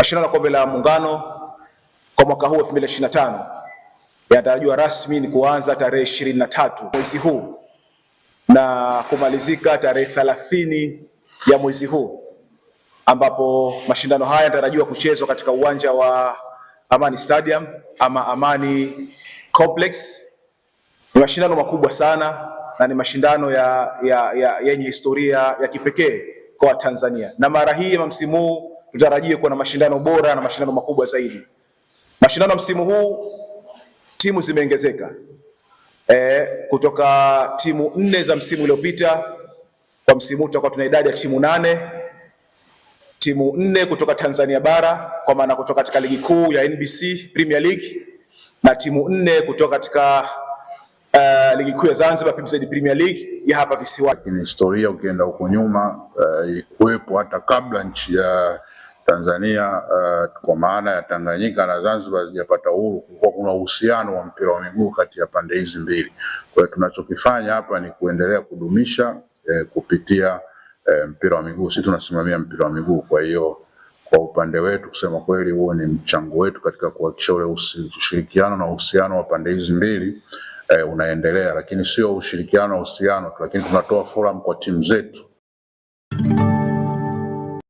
Mashindano ya kombe la muungano kwa mwaka huu 2025 yanatarajiwa rasmi ni kuanza tarehe ishirini na tatu mwezi huu na kumalizika tarehe thelathini ya mwezi huu ambapo mashindano haya yanatarajiwa kuchezwa katika uwanja wa Amani Stadium ama Amani Complex. Ni mashindano makubwa sana na ni mashindano ya yenye ya, ya, ya historia ya kipekee kwa Tanzania na mara hii msimu huu tutarajie kuwa na mashindano bora na mashindano makubwa zaidi. Mashindano msimu huu timu zimeongezeka e, kutoka timu nne za msimu uliopita kwa msimu huu tutakuwa tuna idadi ya timu nane, timu nne kutoka Tanzania bara kwa maana kutoka katika ligi kuu ya NBC Premier League na timu nne kutoka katika uh, ligi kuu ya Zanzibar PBZ Premier League ya hapa visiwani. Lakini historia ukienda huko nyuma uh, ilikuwepo hata kabla nchi ya Tanzania uh, kwa maana ya Tanganyika na Zanzibar zijapata uhuru, kulikuwa kuna uhusiano wa mpira wa miguu kati ya pande hizi mbili. Kwa hiyo tunachokifanya hapa ni kuendelea kudumisha eh, kupitia eh, mpira wa miguu. Sisi tunasimamia mpira wa miguu, kwa hiyo kwa upande wetu kusema kweli, huo ni mchango wetu katika kuhakikisha ule ushirikiano na uhusiano wa pande hizi mbili eh, unaendelea, lakini sio ushirikiano na uhusiano, lakini tunatoa forum kwa timu zetu